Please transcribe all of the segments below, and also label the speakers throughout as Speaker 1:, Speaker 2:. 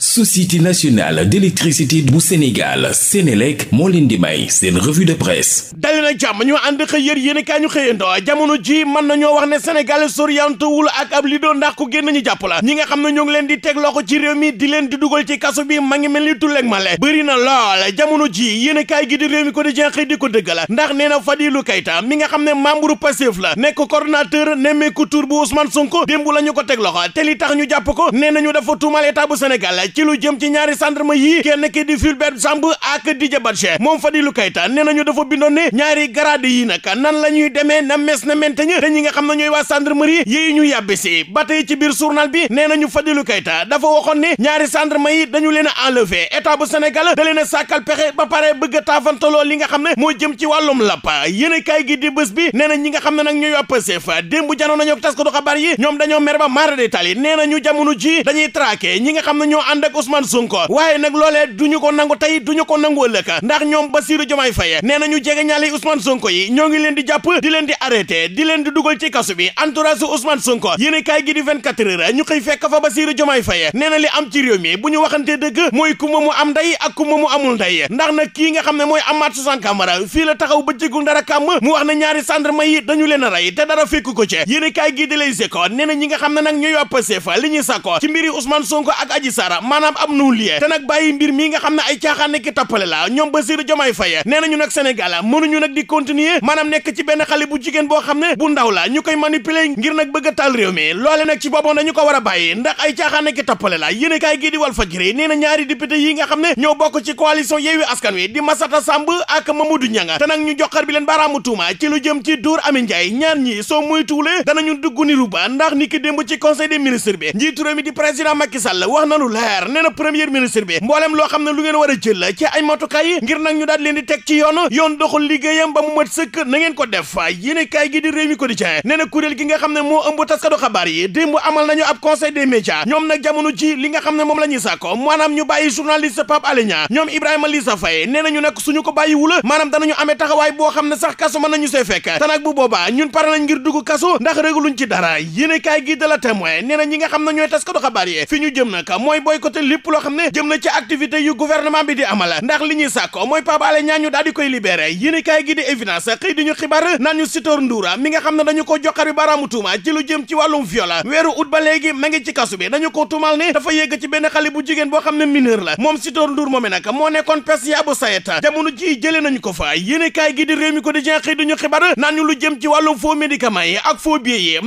Speaker 1: société nationale d'électricité bu Sénégal Sénélec moo leen di may seen revue de presse dali na jàmm ñu ànd xëy yër yéenekaay ñu xëyando jamono ji mën nañoo wax ne Sénégal soriantewul ak ab lido ndax ku génn ñu jàpp la ñi nga xam ne ñoo ngi leen di teg loxo ci réew mi di leen di dugal ci kaso bi ma ngi mel ni tulleeg male bëri na lool jamono ji yéenekaay gi di réew mi quotidien xëy di ko dëgg la ndax nee na Fadilou Keita mi nga xam ne membre Pastef la nekk coordonnateur nemmeeku tur bu Ousmane Sonko démb la ñu ko teg loxo te li tax ñu jàpp ko nee nañu dafa tuumal état bu Sénégal ci lu jëm ci ñaari gendarme yi kenn ki di Fulbert Samb ak Didier Badji moom Fadilou Keita nee nañu dafa bindoon ne ñaari grade yi nag nan la ñuy demee na mes na mentañ te ñi nga xam ne ñooy waa gendarmerie yi ñu yàbbi si ba tey ci biir journal bi nee nañu Fadilou Keita dafa waxoon ne ñaari gendarme yi dañu leen a enlever état bu Sénégal da leen a pexe ba pare bëgg a taafantaloo li nga xam ne moo jëm ci wàllum lapp yéen kaay gi di bés bi nee na nga xam ne nag ñooy waa Pastef ñoom dañoo mer nee na ñu jamono ji dañuy traqué ñi nga xam ne ñoo ànd ak Ousmane waaye nag loolee duñu ko nangu tey duñu ko nangu ëllëg ndax ñoom Bassirou Diomaye Faye nee ñu jege ñaale Ousmane Sonko yi ñoo ngi leen di jàpp di leen di arrêté di leen di dugal ci kasu bi entourage Ousmane Sonko yéene kaay gi di 24 heures ñu xëy fekk fa Bassirou Diomaye nee na li am ci réew bu ñu waxante dëgg mooy kumba am ndey ak kumba amul ndey ndax nag kii nga xam ne mooy Amath Suzanne Camara fii la taxaw ba jéggu dara a rey te dara fekku ko ci yéene kaay gi di lay seko nee na ñi nga xam ne nag ñooy waa Pastef li ñuy sàkko maanaam am nuwulie te nag bàyyi mbir mii nga xam ne ay caaxaan nekk tappale la ñoom Bassirou Diomaye Faye nee nañu nag Sénégal mënuñu nag di continuer maanaam nekk ci benn xale bu jigéen boo xam ne bu ndaw la ñu koy manipuler ngir nag bëgg a taal mi loole nag ci boppam ñu ko war a bàyyi ndax ay caaxaan nekk tappale la yéen kaay gii di Walf Fadjri nee na ñaari député yi nga xam ne ñoo bokk ci coalition Yewwi Askan Wi di Massata Samb ak Mamadou Niang te nag ñu joxar bi leen baaraamu tuuma ci lu jëm ci Dour Amy Ndiaye ñaar ñi soo muy tuule danañu dugg ni ndax ni ki ci conseil des ministres bi njiitu réew mi di président Macky leer nee ministre bi mboolem loo xam lu ngeen war a jël ci ay matukaay ngir nag ñu daal leen di teg ci yoon yoon doxul liggéeyam ba mu mat sëkk na ko def yéen kaay gi di réew mi quotidien nee na kuréel gi nga xam ne moo ëmb taskatu xabaar yi démb amal nañu ab conseil des médias ñoom nag jamono ji li nga xam ne moom la ñuy sàkko maanaam ñu bàyyi journaliste Pape Alé Niang ñoom Ibrahima Lissa Faye nee nañu nag nag bu boobaa ñun pare nañ ngir dugg kaso ndax boycotté lépp loo xam ne jëm na ci activité yu gouvernement bi di amal ndax li ñuy sàkko mooy Pape Alé Niang ñu daal di koy libéré yéen kaay ñu xibaar naan ñu Sitor Ndour mi nga xam ne dañu ko joxar bi baaraamu tuuma ci lu jëm ci wàllum viol weeru ut ba léegi ma ngi ci kasu bi dañu ko tuumal ne dafa yegg ci benn xale jigéen boo xam ne mineur la moom Sitor Ndour moome nag moo nekkoon pes yaabu sayeta jamono ji jëlee nañu ko ko di yi ak faux billets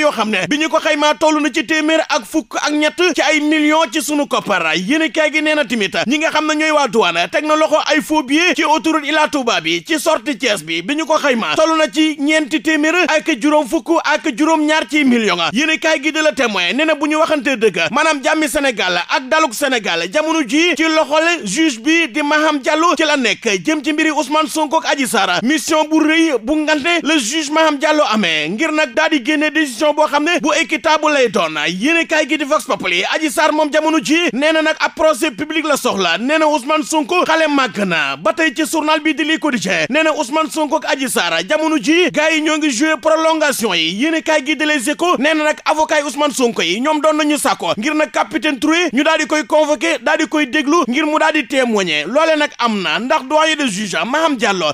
Speaker 1: yoo xam ne bi ñu ko xaymaa toll na ci téeméer ak fukk ak ñett ci ay millions ci sunu koppar yéen kaay gi nee na ñi nga xam ne ñooy waa douane teg na loxo ay faux billets ci autoroute Ila Touba bi ci sortie Thiès bi bi ñu ko xaymaa toll na ci ñeenti téeméer ak juróom fukk ak juróom ñaar ci millions yéen kaay gi de la témoin nee na bu ñu waxantee dëgg maanaam jàmmi Sénégal ak daluk Sénégal jamono ji ci loxol juge bi di Maham Diallo ci la nekk jëm ci mbiri Ousmane Sonko ak Adji bu rëy bu ngante le juge Maham Diallo amee ngir nag daal di génne décision boo xam bu équitable lay doon yéene kaay gi di Vox Populi Adji Sarr moom jamono ji nee na nag ab procès public la soxla nee na Ousmane Sonko xale màgg na ba tey ci journal di Le Quotidien nee na Ousmane Sonko ak Adji Sarr jamono ji gars yi yi yéene kaay gi di Les Échos nee na nag avocat yi Ousmane Sonko yi ñoom doon ngir nag capitaine Touré ñu daal koy convoqué daal koy déglu ngir mu daal di témoigner loole nag am na ndax doyen de juge Maham Diallo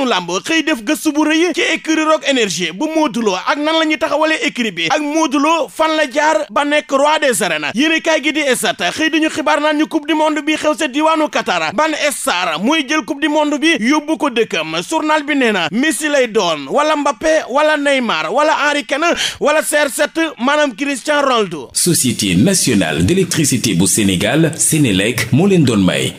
Speaker 1: sunu làmb xëy def gëstu bu rëy ci écurie Rock énergie bu Modou Lo ak nan la ñuy taxawalee écurie bi ak Modou Lo fan la jaar ba nekk roi des na yéen kaay gi di esat xëy diñu xibaar naan ñu coupe du monde bi xew sa diwaanu Qatar ban star mooy jël coupe du monde bi yóbbu ko dëkkam journal bi nee na Messi lay doon wala Mbappé wala Neymar wala Henri Kane wala CR7 maanaam Cristiano Ronaldo. Société nationale d'électricité bu Sénégal Sénélec moo leen doon may